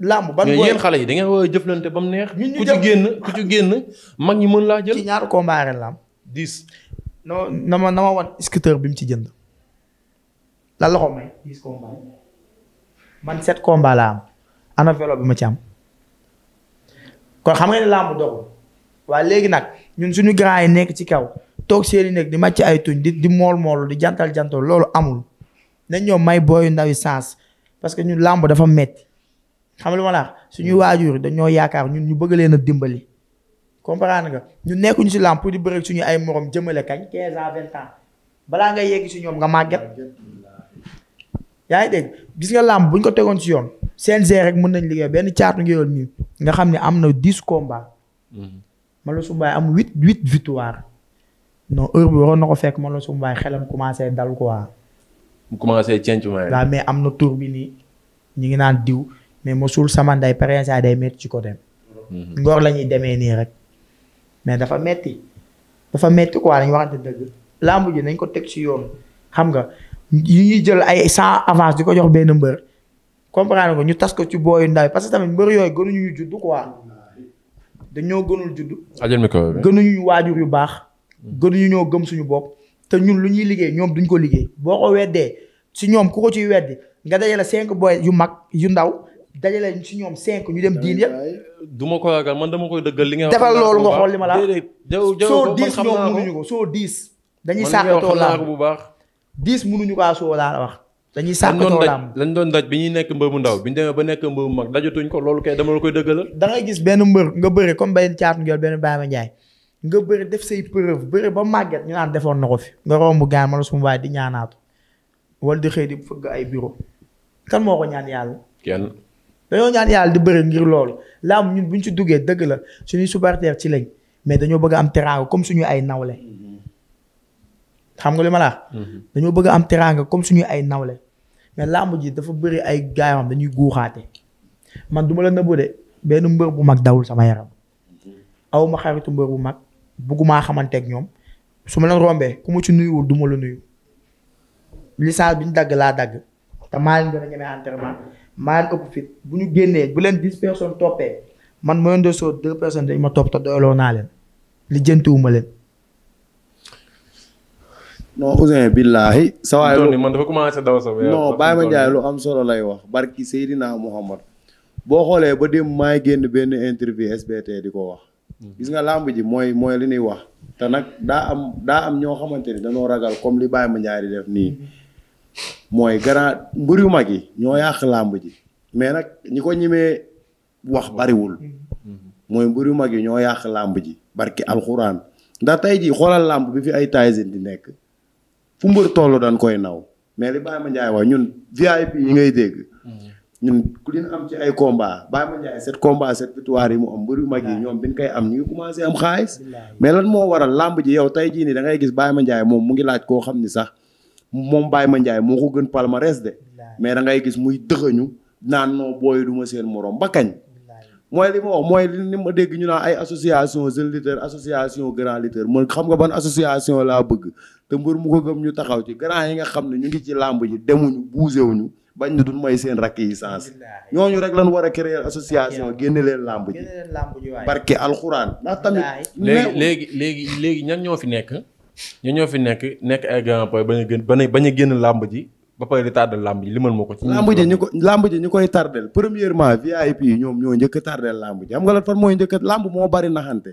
làmb ban xale yi da ngeen war jëflante ba mu neex. ñun ñu jëm ku ci génn ku génn mag ñi mën laa jël. ci ñaar combat ren diis dix. non na ma na ma wan scooter bi mu ci jënd. la loxo may dix combat man sept combat ana vélo bi ma ci am kon xam nga ne làmb doxul. waaye léegi nag ñun suñu grand yi nekk ci kaw toog seeni nekk di ci ay tuñ di mool mool di jantal jantal loolu amul nañ ñoo may booyu ndaw yi sens parce que ñun làmb dafa metti xam lu ma la waajur dañoo yaakaar ñun ñu bëgg leen a dimbali comprendre nga ñu nekkuñu si làmb di bëri suñu ay morom jëmale kañ 15 ans 20 ans balaa si ñoom nga màgget. yaa ngi gis nga làmb bu ko tegoon si yoon CNG rek mën nañ liggéey benn caatu ngeewal mi nga xam ne am na 10 combats. Mm-hmm. Malo Sumbaay am huit huit victoire non heure bi waroon na ko fekk Malo Sumbaay xelam commencé dal quoi. mu commencé ceeñ waaw mais am na tur bi nii ñu ngi naan diw mais mosul sama nday pare saa day ci côté. Mhm. ngor la ñuy demee nii rek. mais dafa metti dafa metti quoi dañu waxante dëgg. lamb nañ ko teg ci yoon xam nga yi ñuy jël ay sans avance di ko jox benn mbër comprendre ko ñu tas ko ci booyu ndaw parce que tamit mbër yooyu gënuñu ñu judd quoi. dañoo gënul judd. ajal micro bi gënuñu waajur yu baax. Hmm. gënuñu ñoo gëm suñu bopp. te ñun lu ñuy liggéey ñoom duñ ko liggéey boo ko weddee si ñoom ku ko ciy weddi nga dajale cinq boy yu mag yu ndaw dajale si ñoom cinq ñu dem diin ya. du ma ko ragal man dama koy dëggal li nga. defal loolu nga xool li ma la soo dix ñoom mënuñu ko soo diis dañuy sàqatoo laa bu baax. dix mënuñu ko soo laa la wax. dañuy sàkkatoo làmb lañ doon daj bi ñuy nekk mbër mu ndaw bi ñu demee ba nekk mbër mu mag dajatuñ ko loolu kay dama la koy dëggalal da ngay gis benn mbër nga bëre comme benn caatu njool benn Baama Njaay nga bëre def say preuve bëre ba màgget ñu naan defoon na ko fi nga romb gaan ma la suma di ñaanaatu wala di xëy di fëgg ay bureau kan moo ko ñaan yàlla kenn dañoo ñaan yàlla di bëre ngir loolu làmb ñun bu ñu ci duggee dëgg la su suñuy supporter ci lañ mais dañoo bëgg am teraanga comme suñu ay nawle mm-hmm. xam nga li ma la mm-hmm. dañoo bëgg am teraanga comme suñu ay nawle mais làmb ji dafa bëri ay gaay dañuy guuxaate man du ma la nëbbu de benn mbër bu mag dawul sama yaram aw ma xaritu mbër bu mag bëggumaa xamante ak ñoom su ma la rombee ku ma ci nuyuwul du ma la nuyu licence bi ñu dagg laa dagg te maa leen gën a ñemee maa leen ëpp fit bu ñu génnee bu leen dix personnes toppee man moyen de chose deux personnes dañ ma topp te doyloo naa leen li jëntuwuma leen non Ouzin billahi sa waay lu man commencé daw sa non Baye lu am solo lay wax barki Seydina Muhammad boo xoolee ba dem maay génn benn interview SBT di ko wax hmm. gis nga làmb ji mooy mooy li ñuy wax te nag daa am daa am ñoo xamante ni dañoo ragal comme li Baye Mandiaye di def nii mooy grand mbër yu mag yi ñoo yàq làmb ji mais nag ñi ko ñimee wax bariwul hmm. mooy mbër yu mag yi ñoo yàq làmb ji barki alxuraan ndax tey ji xoolal làmb bi fi ay Tyson di nekk fu mbër toll dañ koy naw mais li ma Mandiaye wax ñun VIP yi ngay dégg. ñun ku leen am ci ay combat Baye Mandiaye sept combat sept victoire yi mu am mbër yu mag yi ñoom bi ñu koy am ñu ngi commencé am xaalis. mais lan moo waral làmb ji yow tey jii nii da ngay gis ma Mandiaye moom mu ngi laaj koo xam ni sax moom ma Mandiaye moo ko gën palmarès de. mais dangay gis muy dëxëñu naan noo booy du seen moroom ba kañ. mooy li ma wax mooy li ma dégg ñu naan ay association jeune leader association grand leader man xam nga ban association laa bëgg te mbër mu ko gëm ñu taxaw ci grand yi nga xam ne ñu ngi ci làmb ji demuñu bougé wuñu bañ na du mooy seen rakk yi sens ñooñu rek lan war a créer association génne leen làmb ji barke alxuraan ndax tamit léegi léegi léegi ñan ñoo fi nekk ñan ñoo fi nekk nekk ay grand poy bañ a gën a génn làmb ji ba pare di tardel lamb ji limal ma ko ci lamb ji ñu ko lamb ji ñu koy tardel premièrement VIP yi ñoom ñoo njëkk a tardel lamb ji xam nga la fan mooy njëkk lamb moo bari naxante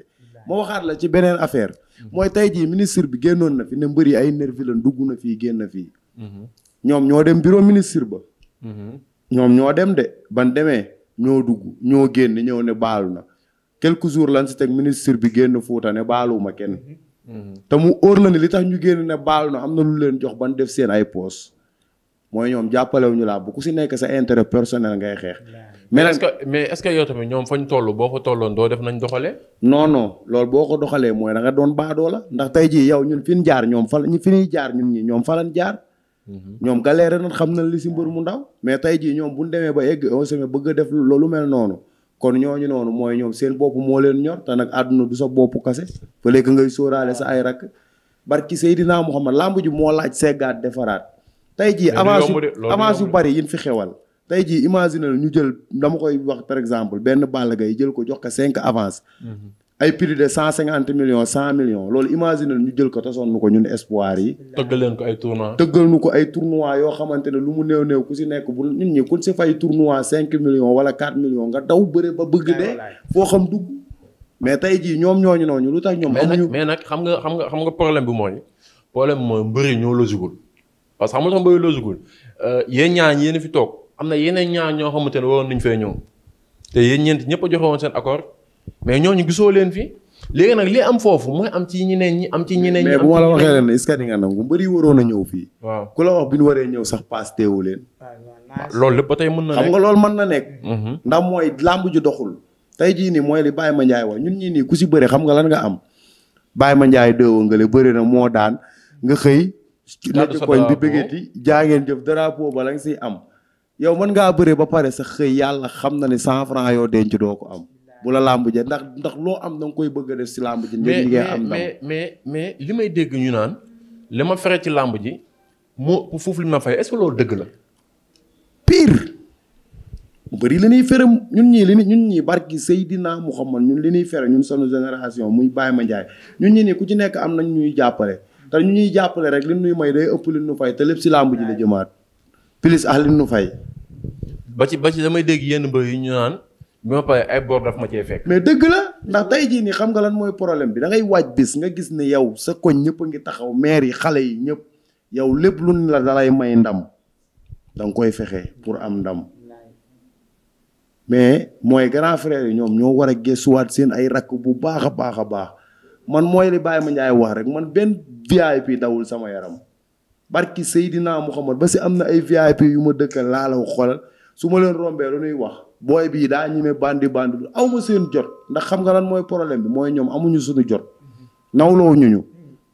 ma waxaat la ci beneen affaire mhm. mooy tey jii ministre bi génnoon na fi ne mbëri ay nervi lan dugg na fii génn fii mhm. ñoom ñoo dem bureau ministre ba mhm. ñoom ñoo dem de ban demee ñoo dugg ñoo génn ñëw ne baalu na quelque jour lan si teg ministre bi génn Fuuta ne baaluwuma kenn te mu óor la li tax ñu génn ne baalu na am na lu leen jox ban def seen ay poos mooy ñoom jàppalewuñu laa bu ku si nekk sa intérêt personnel ngay xeex. mais est-ce que est-ce que yow tamit ñoom fañ toll boo ko tolloon doo def nañ doxalee. non non loolu boo ko doxalee mooy danga doon baadoo la ndax tey jii yow ñun fi ñu jaar ñoom fa ñu fi ñuy jaar ñun ñi ñoom fa lañ jaar. Mhm. ñoom galère na xam nañ li si mbër mu ndaw. mais tey jii ñoom bu ñu demee ba egg on se bëgg a def loolu mel noonu kon ñooñu noonu mooy ñoom seen bopp moo leen ñor te nag àdduna du sa bopp kase. fële que ngay sóoraale sa ay rakk barki Seydina Muhammad lamb ji moo laaj seggaat defaraat tey jii avance avance yu bari yin fi xewal tey jii imagine la ñu jël dama koy wax par exemple benn Balla Gaye jël ko jox ko cinq avance mm-hmm. ay prix de cent cinquante millions cent million loolu imagine ñu jël ko tasoon nu ko ñun espoir yi tëggal leen ko ay tournoi tëggal nu ko ay tournoi yoo xamante ne lu mu new néew ku si nekk bu nit ñi kun si fay tournoi cinq million wala quatre millions nga daw bëre ba bëgg dee foo xam dugg mais tey jii ñoom ñooñu noonu lu tax ñoom amuñu mais nag xam nga xam nga xam nga problème bi mooy problème bi mooy mbëri ñoo logigul parce que xam nga sama mbéyu loosugul euh, yéen ñaa yéen a fi toog am na yeneen ñaa ñoo xamante ne waroon nañu fee ñëw te yéen ñeent ñëpp a joxe woon seen accord mais gisoo leen fi léegi nag li am foofu mooy am ci ñeneen ñi am ci ñeneen ñi. waxee leen est-ce que di nga nangu mbëri a ñëw fii. bi ñu waree ñëw sax paas teewu leen. loolu lépp ba tey mën na nekk nga loolu mën na nekk. Mhm. ndax mooy làmb ju doxul. tey jii nii mooy li Baye Ma Ndiaye wax ñun ñii nii ku si bëre xam nga lan nga am Baye Ma Ndiaye déwéngale bëri na moo daan nga xëy nekk koñ di bëggati jaa ngeen jëf drapeau ba la nga siy am yow mën ngaa bëre ba pare sa xëy yàlla xam na ne cent franc yoo denc doo ko am bu la làmb ja ndax ndax loo am da nga koy bëgg a def si làmb ji ngeen am ndam mais mais li may dégg ñu naan li ma fere ci làmb ji moo foofu li ma fay est-ce que loolu dëgg la pire mu bëri li ñuy fere ñun ñii li ñun ñii barki Seydina Muhammad ñun li ñuy fere ñun sunu génération muy ma Mandiaye ñun ñi nii ku ci nekk am nañ ñuy jàppale te ñu ñuy jàppale rek li nuy may day ëpp li nu fay te lépp si làmb ji la jëmaat plus ah li nu fay. ba ci ba ci damay dégg yenn mbër yi ñu naan bi ma paree ay bor daf ma cee fekk. mais dëgg la ndax tey jii nii xam nga lan mooy problème bi da ngay waaj bis nga gis ne yow sa koñ ñëpp ngi taxaw maire yi xale yi ñëpp yow lépp lu ne la dalay may ndam da koy fexe pour am ndam mais mooy grand frère yi ñoom ñoo war a gëstuwaat seen ay rakk bu baax a baax a baax man mooy li Baye Mandiaye wax rek man benn VIP dawul sama yaram barki naa mu Muhammad ba si am na ay VIP yu ma laa la xoolal su ma leen rombee lu ñuy wax booy bii daa ñime bandi bandi du aw ma seen jot ndax xam nga lan mooy problème bi mooy ñoom amuñu suñu jot nawloo ñu ñu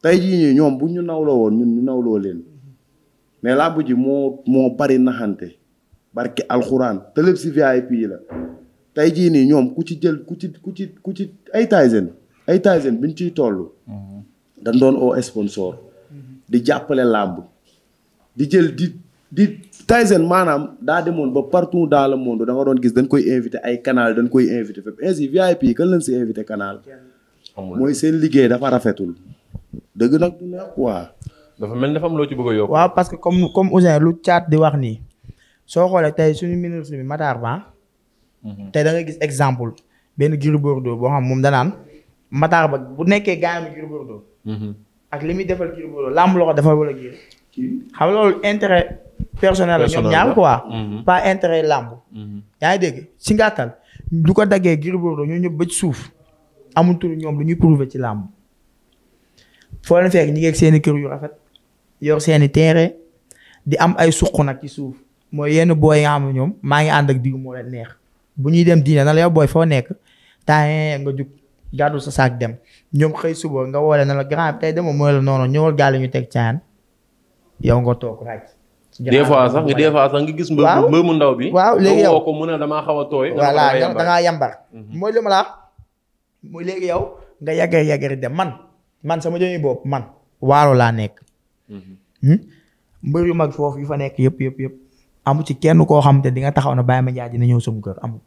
tey jii ñii ñoom bu ñu nawloo woon ñun ñu nawloo leen mais làmb ji moo moo bari naxante barki alxuraan te lépp si VIP yi la tey jii nii ñoom ku ci jël ku ci ku ci ku ci ay Tyson ay Tyson bi ñu ciy toll. Mhm. dañ doon oo sponsor. di jàppale làmb di jël di di Tyson maanaam daa demoon ba partout dans le monde da nga doon gis dañ koy invité ay canal dañ koy invité fépp ainsi VIP kan lañ si invité canal. mooy seen liggéey dafa rafetul. dëgg nag du neex quoi. dafa mel dafa am loo ci bëgg a yokk. parce que comme comme Ousin lu caat di wax nii soo xoolee tey suñu ministre bi Matar Ba. Mhm. tey da nga gis exemple benn Gris Bordeaux boo xam moom danaan Matar ba bu nekkee gaayam Gris Bordeaux mhm. ak li muy defal Gris Bordeaux làmb loxo dafa wala Gris xam loolu intérêt personnel la ñoom ñaar quoi mhm. pas intérêt làmb mhm. yaa dégg si ngàttal du ko daggee Gris Bordeaux ñoo ñëpp ba ci suuf amul tur ñoom lu ñuy prouver ci làmb foo leen fekk ñi ngeeg seeni kër yu rafet yor seeni teere di am ay suq nag ci suuf mooy yenn booy nga xam ñoom maa ngi ànd ak diggu moo leen neex bu ñuy dem diine na la yow booy foo nekk gàddu sa saak dem ñoom xëy suba nga woole na la grand bi tey dama mooy la noonu ñëwal gaal ñu teg caan yow nga toog ràcc. des fois sax nga gis. waaw mbër mu ndaw bi. waaw léegi yow ko mu ne damaa xaw a tooy. da ngaa yàmbar mooy li ma la mooy yow nga yàggee yàggee dem man man sama jëmi bopp man waalo laa nekk. Mhm. Hmm? mbër yu mag foofu yu fa nekk yëpp yëpp yëpp amu ci kenn koo xam te di nga taxaw na Baye Mandiaye dina ñëw sama kër amul.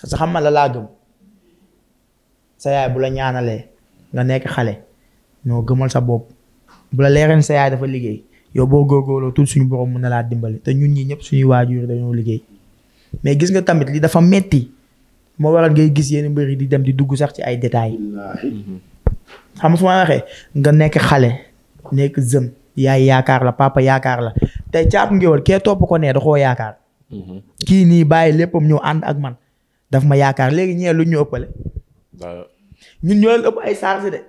parce xam nga la laa gëm. sa yaay bu la ñaanalee nga nekk xale noo gëmal sa bopp bu la leereen sa yaay dafa liggéey yow boo góorgóorloo tuuti suñu borom mën na laa dimbali te ñun ñi ñëpp suñuy waajur dañoo liggéey mais gis nga tamit li dafa metti moo waral ngay gis yenn mbir yi di dem di dugg sax ci ay détails mm-hmm. xam suma ma nga nekk xale nekk zëm yaay yaakaar la papa yaakaar la te caatu ngéwal kee topp ko nee da koo yaakaar mm-hmm. kii nii bàyyi léppam ñëw ànd ak man daf ma yaakaar léegi ñee lu ñun ñoo leen ëpp ay charge de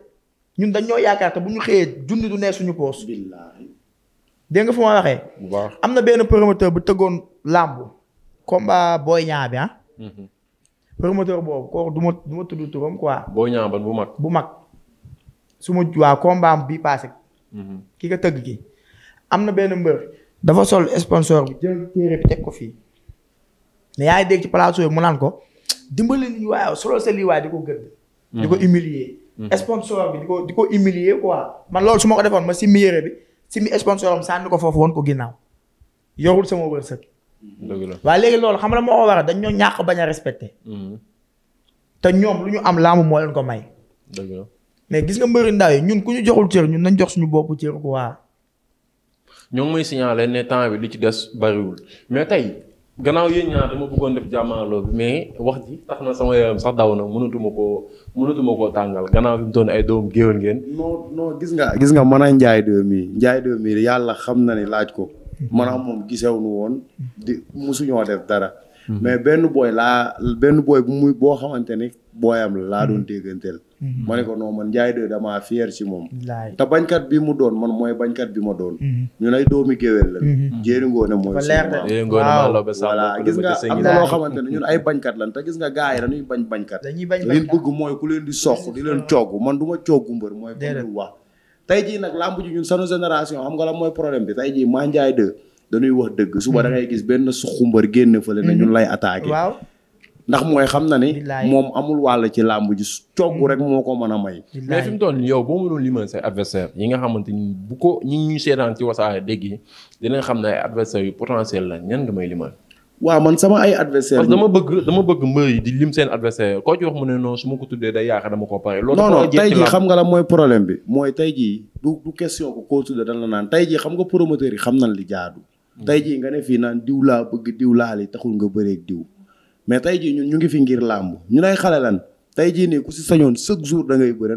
ñun dañ ñoo yaakaar bu ñu xëyee junni du nekk suñu poos. billaahi dégg nga fu ma waxee. am na benn promoteur bu tëggoon làmb. combat Boy Niang bi ah. Mhm. promoteur boobu du ma du ma tudd bu mag. bu mag su ma waa combat bi passé. Mhm. ki ka tëgg ki am na benn mbër. dafa sol sponsor bi jël téere bi teg ko fii. mais yaa dégg ci plateau yi mu naan ko. dimbali li waaw solo sa lii waaye di ko gëdd di ko hmm. humilier hmm. sponsor bi di ko di ko humilier quoi man loolu su ma ko defoon ma simmi yére bi simmi sponsor am sànni ko foofu woon ko ginnaaw yorul sama wërsëg waa léegi loolu xam la moo ko waral dañ ñoo ñàkk bañ a respecté hmm. te ñoom lu ñu am laamu moo leen ko may mais gis nga mbëri ndaw yi ñun ku ñu joxul cër ñun nañ jox suñu boppu cër ko waa ñoom may signaler ne temps bi li ci des bariwul mais tey gannaaw yéen ñaar dama bëggoon def jàmmaarloo bi mais wax ji tax na sama yaram sax daw na mënatuma koo mënatuma koo tàngal gannaaw bi mu doon ay doom géwél ngeen. non non gis nga gis nga mën a njaay doom mi njaay doom mi yàlla xam na ne laaj ko. mën a moom gisew nu woon di musuñoo def dara. Mhm. mais benn booy laa benn booy bu muy boo xamante ni booyam la laa doon mhm. dégganteel. Mhm. ma ne ko non man Ndiaye 2 damaa fier ci moom. te bañkat bi mu doon man mooy bañkat bi ma doon. ñu nay doomi géwél la. jéeri ngoone mooy suñu waaw voilà gis nga am na loo xamante ne ñun ay bañkat lan te gis nga gars yi dañuy bañ bañkat. dañuy bañ bañkat li bëgg mooy ku leen di soq di leen coog man du ma coogu mbër mooy. déedéet wax tey jii nag làmb ji ñun sanu génération am nga la mooy problème bi tey jii maa Ndiaye 2. dañuy wax dëgg suba hmm. da gis benn suxumbar génn fële na hmm. ñun lay attaqué. waaw ndax mooy xam na ni. moom amul la ci làmb ji coggu hmm. rek moo ko mën a may. mais fi mu toll yow boo mënoon limal say adversaire nga xamante ni bu ko ñi ñu seetaan ci wasaare dégg yi xam ne ay adversaires yu la ñan nga may limal. waaw man sama ay adversaire dama bëgg dama bëgg mbër yi di lim seen adversaire koo ci wax mu ne non su ma ko tuddee day yaakaar dama ko pare. loolu non non tey xam nga la mooy problème bi mooy tey jii du du question ko koo tuddee dañ la naan tey jii xam nga promoteurs yi xam nañ li jaadu tey jii nga ne fii naan diw laa bëgg diw laali taxul nga bëreeg diw mais tey jii ñun ñu ngi fi ngir làmb ñu lay xale lan tey jii nii si sañoon chaque jour da ngay bëre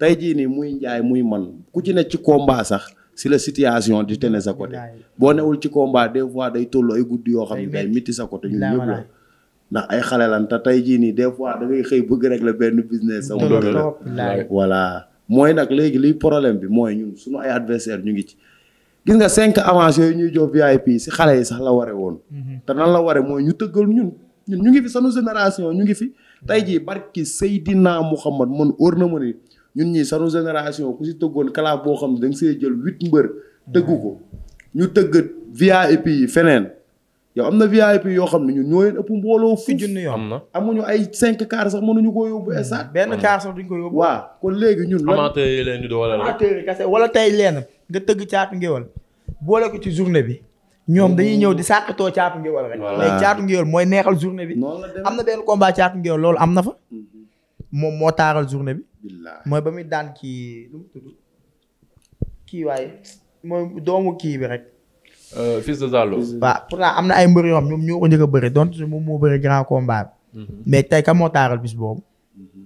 tey jii nii muy njaay muy man ku ci ne sax si la situation di tene sa côté boo newul ci combat des fois day toll ay guddi yoo xam ne day miti sa côté ñun ñëpp ndax ay xale lan tey jii nii des fois da ngay xëy bëgg rek la benn business sama doole la voilà mooy nag léegi liy problème bi mooy ñun suñu ay adversaire ñu ngi ci gis nga cinq avance yooyu ñuy jox VIP si xale yi sax la ware woon. Mhm. te nan la ware mooy ñu tëggal ñun ñun ñu ngi fi sanu génération ñu ngi fi. tey jii barki Seydina Mouhamad man óor na ma ñun ñii sanu génération ku si tëggoon kalaaf boo xam ne da see jël huit mbër. tëggu ko ñu tëgg VIP yi feneen. yow am na VIP yoo xam ne ñun ñoo leen ëpp mbooloo fu junni yoo am na amuñu ay cinq car sax mënuñu koo yóbbu mm-hmm. stade benn car sax duñ ko yóbbu waaw kon léegi ñun kese wala tey leen nga tëgg caatu ngéwal boole ko ci journée bi ñoom dañuy ñëw di sàqatoo caatu ngéwal rek léegi caatu ngéwal mooy neexal journée bi am na benn combat caatu ngéwal loolu am na mhm. moom moo taaral journée bi mooy ba muy daan kii lu mu doomu kii bi rek euh, fils de Zalo am na ay mbër yoo xam ñoom ñoo ko njëkk bëri donte moom moo bëri grand combat mhm. mais tey moo taaral bis boobu mhm.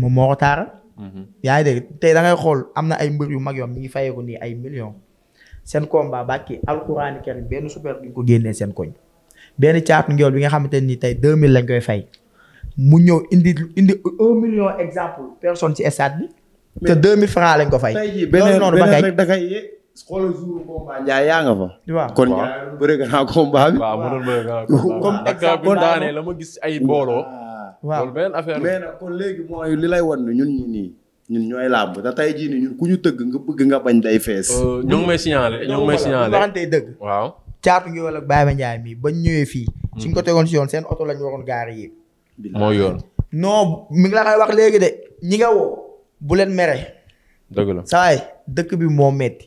moom moo ko taaral Mhm. yaa ngi dégg tey dangay xool am na ay mbër yu mag yoon mi ngi ngi fayeeku nii ay millions. seen combat bàkki alxuraani karim benn super duñ ko génnee seen koñ benn caatu ngéwél bi nga xamante ni tey 2000 lañ koy fay mu ñëw indi indi un million exemple personne ci stade bi. te 2000 francs lañ ko fay. loolu noonu ba kay da xoolal suñu combat Ndiaye yaa nga fa. waaw kon Ndiaye bëri naa bi. comme exemple la ma gis ay mbooloo. waaw loolu affaire mais nag kon léegi mooy li lay wan ñun ñi nii. ñun ñooy làmb te tey jii nii ñun ku ñu tëgg nga bëgg nga bañ day fees. Euh, ñoo ngi may signaler ñoo ngi may signaler waxantee dëgg. waaw caatu wala Baye mii bañ ñëwee fii. Mm. suñ ko tegoon si yoon seen oto la ñu waroon gaari yi. mooy yoon. non mi ngi la koy wax léegi de ñi nga woo. bu leen mere. dëgg la dëkk bi moo metti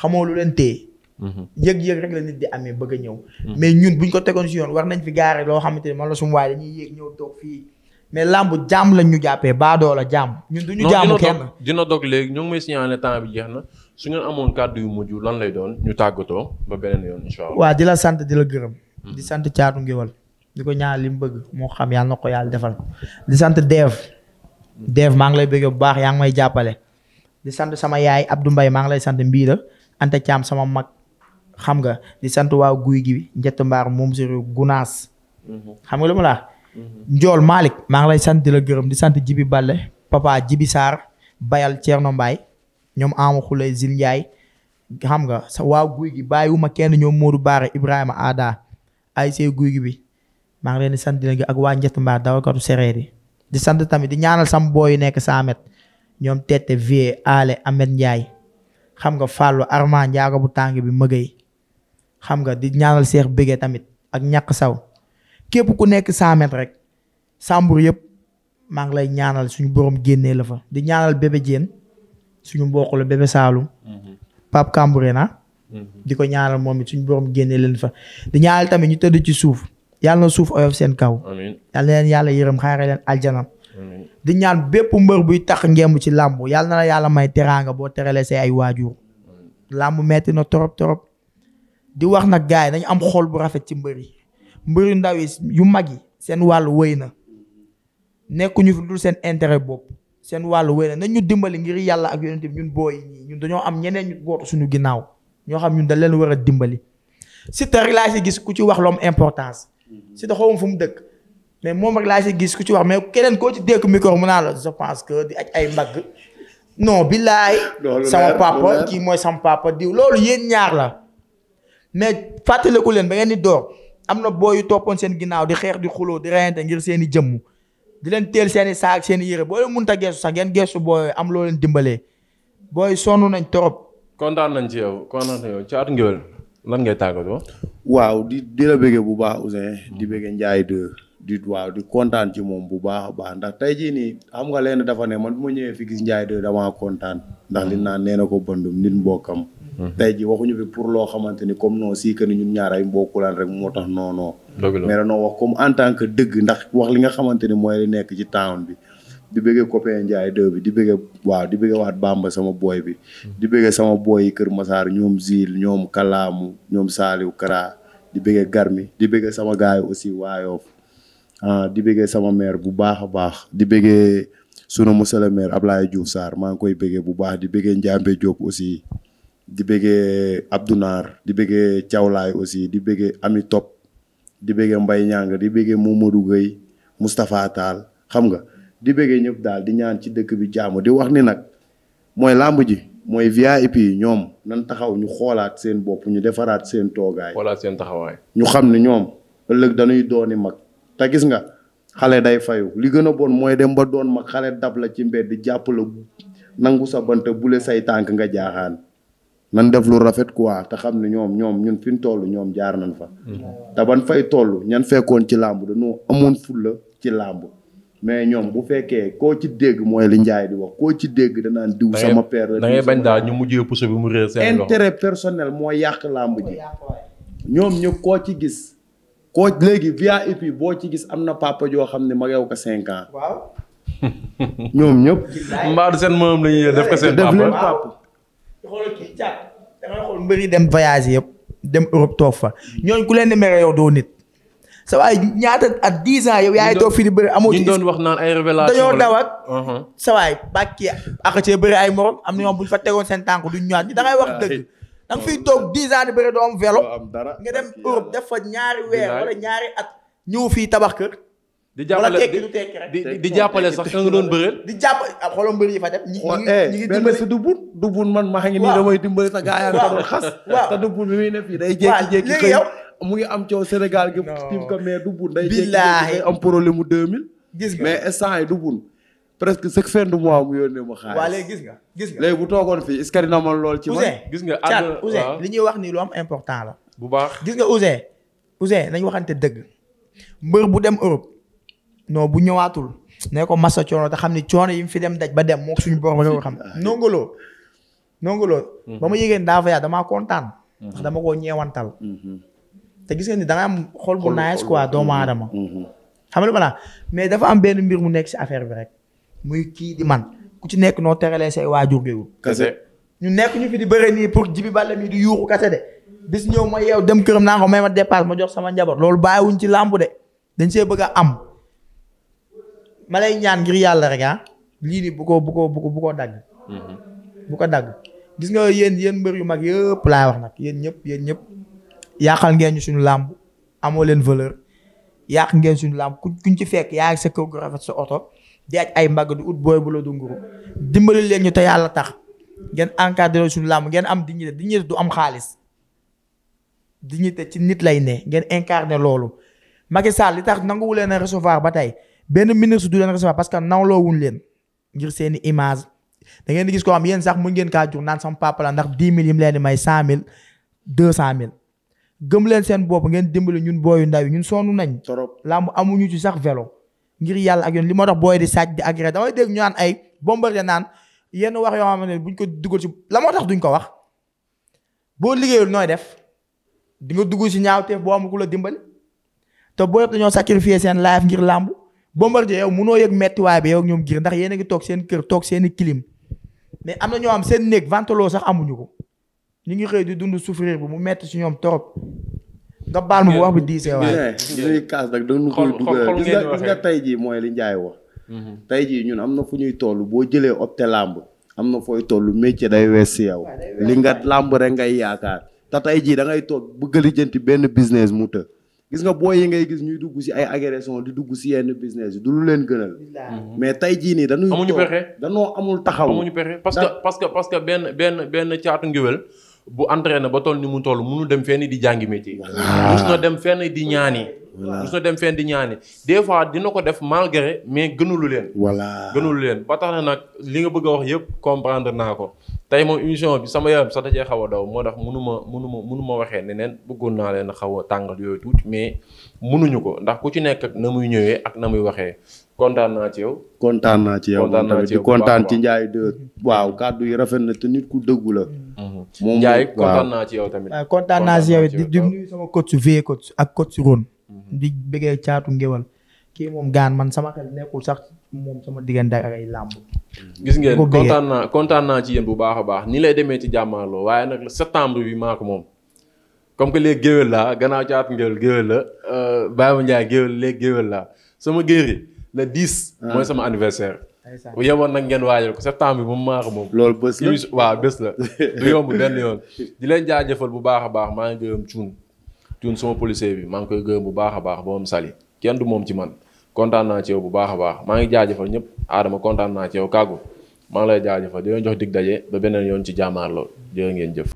xamoo lu leen téye. Mhm. yëg-yëg rek la nit di amee bëgg a ñëw mhm. mais ñun bu ñu ko tegoon si yoon war nañ fi gaare loo xam te man la sumu waaye dañuy yéeg ñëw toog fii mais làmb jaam lañ ñu jàppee baadoo la jaam ñun du ñu jaamu kenn dina dog léegi ñoo ngi si signaler ne temps bi jeex na su ngeen amoon kàddu yu mujj lan lay doon ñu tàggatoo ba beneen yoon incha allah waaw di la sant di la gërëm mhm. di sant caatu ngiwal di ko ñaan li mu bëgg moo xam yàlla na ko yàlla defal di sant deev deev maa ngi lay bëgg bu baax yaa ngi may jàppale di sant sama yaay Abdou Mbaye maa ngi lay sant mbii la Anta Thiam sama mag xam nga di sant waaw guy gi njett mbaar moom suru gunaas mhm. xam nga lu ma laa mhm. njool Malick maa ngi lay sant di la gërëm di sant Jibi Balle papa Jibi Sarr Bayal Thierno mbaay ñoom Ama Khoulé Zil Ndiaye xam nga sa waa guy gi bàyyiwuma kenn ñoom Modou Baare Ibrahima Ada ay see guy gi bi maa ngi leen di sant di leen ak waa njett mbaar dawalkatu sereer yi di sant tamit di ñaanal sam booy nekk nekk Samet ñoom Tete Vie Ale Ahmed Ndiaye xam nga Fallou Armand Ndiago bu tàng bi mëgëy xam nga di ñaanal seex bëggee tamit ak ñàkk saw képp ku nekk 100 rek Sambour yëpp maa ngi lay ñaanal suñu borom génnee la fa di ñaanal bébé Diène suñu mbokk la bébé Saalum. Mhm. Pape Kambouré na mhm. di ko ñaanal moom it suñu borom génnee leen fa. di tamit ñu tëdd ci suuf yàlla na suuf oyof seen kaw. amiin yàlla na leen yërëm xaare leen aljanam di ñaan bépp mbër buy tax ngemb ci làmb yàlla na la yàlla may teraanga boo teralee see ay waajur. làmb metti na torop torop di wax nag gars yi dañu am xol bu rafet ci mbër yi mbër yu ndaw yi yu mag yi seen wàll wëy na nekkuñu fi dul seen intérêt bopp seen wàll wëy na nañ ñu dimbali ngir yàlla ak yonent bi ñun booy ñii ñun dañoo am ñeneen ñu bootu suñu ginnaaw ñoo xam ñun dañ leen war a dimbali. Siteu rek laa si gis ku ci wax lu am importance. Siteu xaw fu mu dëkk. mais moom rek laa si gis ku ci wax mais keneen koo ci dégg micro mu naa la je pense que di aj ay mbagg no billaay sama kii mooy sama papa diw loolu ñaar la. ne fàttaliku leen ba ngeen di door am na booy toppoon seen ginnaaw di xeex di xuloo di reyante ngir seeni i jëmm di leen teel seen i saak seen yére booy munta mënut a geesu sax ngeen geesu booy am loo leen dimbalee booy sonn nañ torop. kontaan nañ ci yow kontaan nañ yow Thiatou Nguéweul lan ngay tàggatoo. waaw di di la bu baax Ouzin di bëggee Ndiaye de di waaw di kontaan ci moom bu baax a baax ndax tey jii nii am nga leen dafa ne man bu ma ñëwee fi gis Ndiaye de damaa kontaan ndax li naan nee na ko bandum nit mbokkam Mhm. tey ji waxuñu fi pour loo xamante ni comme non si que ni ñun ñaar ay mbokkulaan rek moo tax non non. mais wax comme en tant que dëgg ndax wax li nga xamante ni mooy li nekk ci town bi. di bëggee copain Ndiaye deux bi di bëggee waaw di bëggee waat Bamba sama booy bi. Mhm. di bëggee sama booy yi Kër Masaar ñoom Zil ñoom Kalaamu ñoom Saaliw Kara di bëggee Garmi di bëggee sama gaay aussi waayoof ah di bëggee sama maire bu baax a baax di bëggee sunu monsieur le ab laay Diouf saar maa ngi koy bëggee bu baax di bëggee Njambe Diop aussi. di bëggee Abdou Naar di bëggee Thiawlaay aussi di bëggee Ami Top di bëggee mbay ñàng di bëggee Momadou Gueye Moustapha Tall xam nga di bëggee ñëpp daal di ñaan ci dëkk bi jaamu di wax ni nag mooy làmb ji mooy VIP yi ñoom nan taxaw ñu xoolaat seen bopp ñu defaraat seen toogaay. xoolaat seen taxawaay. ñu xam ni ñoom ëllëg dañuy dooni mag te gis nga xale day fayu li gën a bon mooy dem ba doon mag xale dab la ci mbedd jàpp la nangu sa bant bule say tànk nga jaaxaan. nan def lu rafet quoi te xam ne ñoom ñoom ñun fi ñu toll ñoom jaar nañ fa. te ban fay toll ñan fekkoon ci làmb dañoo amoon fulla ci làmb. mais ñoom bu fekkee koo ci dégg mooy li Ndiaye di wax koo ci dégg danaan diw sama père la. da ñu mujjee puso bi mu réer seen yàq làmb ji. ñoom ñëpp koo ci gis. koo léegi VIP boo ci gis am na papa joo xam ne magew ko cinq ans. waaw. ñoom ñëpp. mbaa du seen moom la def ko seen papa. xoolal kii caat xool mbëri dem voyage yëpp dem Europe toog fa ñooñ ku leen di mere yow doo nit sa waay ñaata at dix ans yow yaay toog fii di bëri amoo ci doon wax naan ay révélation dañoo daw ak uh-huh. sa waay bàkki ak cee ay morom am na ñoom bu fa tegoon seen tànk duñ ñëwaat ñi da ngay wax dëgg da nga toog dix ans di bëri doo am vélo nga dem Europe def fa ñaari weer wala ñaari at ñëw fii tabax kër di jàppale di di jàppale sax nga doon bëreel. di jàpp ah, xooloo mbër fa dem. ñi eh, ngi dimbali si du bun man ma ngi nii damay dimbali sa gaa yaa ngi doon xas. waaw te du bun bi muy ne fii day jékki-jékki. léegi yow mu ngi am coow Sénégal gi. tim ko mais du bun day jékki-jékki am problème mu 2000. gis mais instant yi du bun presque chaque fin du mois mu yónnee ma xaalis. waaw léegi gis nga gis nga. léegi bu toogoon fii est lool ci man. nga ànd li ñuy wax nii lu am important la. bu baax gis nga Ouzin Ouzin nañu waxante dëgg mbër bu dem Europe no bu ñëwaatul ne ko massa coono te xam ni coono yi mu fi dem daj ba dem moo suñu borom rek xam nongolo nongolo ba ma yëgee daa fa yaa damaa kontaan mhm. ndax dama koo ñeewantal mhm. te gis nga ni da am xol bu nice quoi doomu mhm. aadama xam nga balaa mais dafa am benn mbir mu nekk si affaire bi rek muy kii man ku ci nekk noo teralee say waajur géewul kase ñu nekk ñu fi di bëre nii pour jibi bàlle mi di yuuxu kase de bis ñëw ma yeew dem këram naa ko may ma dépasse ma jox sama njaboot loolu bàyyiwuñ ci làmb de dañ see bëgg a am ma lay ñaan ngir yàlla rek ah lii nii bu ko bu ko bu ko dagg. Mhm. bu ko dagg gis nga yéen yéen mbër yu mag yëpp laay wax nag yéen ñëpp yéen ñëpp yàqal ngeen ñu suñu làmb amoo leen valeur yàq ngeen suñu làmb kuñ ci fekk yaa ngi sa kër gu rafet ay mbagg ut booy bu du nguru dimbali leen ñu te yàlla tax ngeen encadré suñu làmb ngeen am dignité dignité du am xaalis dignité ci nit lay ne ngeen incarné loolu Macky Sall li tax nanguwu leen a recevoir ba tey benn ministre du leen recevoir parce que nawloo wuñ leen ngir seeni image da ngeen di gis ko am yéen sax mu ngeen kaa jur naan sama papa la ndax dix mille yi mu leen di may cent mille deux cent mille gëm leen seen bopp ngeen dimbali ñun booyu ndaw yi ñun sonn nañ. trop làmb amuñu ci sax vélo. ngir yàlla ak yoon li moo tax booy di sàcc di agréé damay dégg ñu naan ay bombardier naan yenn wax yoo xam ne buñ ko dugal ci la moo tax duñ ko wax boo liggéeyul nooy def di nga dugg si ñaawteef boo am ku la dimbali te boo yëpp dañoo sacrifier seen life ngir làmb Bombardier yow munoo yëg mettiwaay bi yow ñoom Gris ndax yéen a ngi toog seen kër toog seen i mais am na ñoo am seen néeg ventilo sax amuñu ko ñu ngi xëy di dund souffrir bi mu metti si ñoom torop nga baal ma bu wax bu diisee waaye. suñuy kaas nag dañu tey jii mooy li Ndiaye wax. Mhm. tey jii ñun am na fu ñuy toll boo jëlee opté làmb am na fooy tollu métier day wees si yow. li nga làmb rek ngay yaakaar te tey jii da ngay toog bëgg lijjanti benn business mu të. gis nga booy yi ngay gis ñuy dugg si ay agression di dugg si yenn business yi du lu leen gënal. Mhm. mais tey jii nii dañuy. amuñu pexe dañoo amul taxaw. amuñu pexe parce que parce que parce que benn benn benn caatu ngéwél bu na ba toll ni mu toll mënul dem fenn di jàngi métier. mus na dem fenn di ñaani. mus na dem fenn di ñaani des fois dina ko def malgré mais gënulu leen. voilà gënulu leen ba tax na nag li nga bëgg a wax yëpp comprendre naa ko. tey moom émission bi sama yaram sax da cee xaw a daw moo tax mënu ma mënu ma mënu ma waxee neneen bëggoon naa leen xaw a tàngal yooyu tuuti mais mënuñu ko ndax ku ci nekk ak na muy ñëwee ak na muy waxee kontaan naa ci yow. kontaan naa ci yow moom tamit kontaan ci Ndiaye waaw kàddu yi rafet na te ku dëggu la. Mm-hmm. moom Ndiaye kontaan naa ci yow tamit. waaw yow di di sama coach vie coach ak coach Rone. Mm-hmm. di bëggee caatu ngéwal kii moom gaan man sama xel nekkul sax moom sama diggante ak ay làmb. gis ngeen kontaan naa kontaan naa ci yéen bu baax a baax ni lay demee ci jàmmaarloo waaye nag le septembre bi maa ko moom comme que léegi géwél laa gannaaw caat ngéwél géwél la euh, Baye Ndiaye géwél léegi géwél laa sama géeri le 10. Ah. mooy sama anniversaire. bu yemoon nag ngeen waajal ko septembre bi moom maa ko moom. loolu bés la waa bés la du yomb benn yoon. di leen jaajëfal bu baax a baax maa ngi gërëm cuun cuun sama policier bi maa ngi koy gërëm bu baax a baax ba moom sali kenn du moom ci man. kontaan naa ci yow bu baax a baax maa ngi jaajëfal ñëpp Adama kontaan naa ci yow kàggu maa ngi lay jaajëfal di leen jox dig daje ba beneen yoon ci jàmmaar lool jërë ngeen jëf.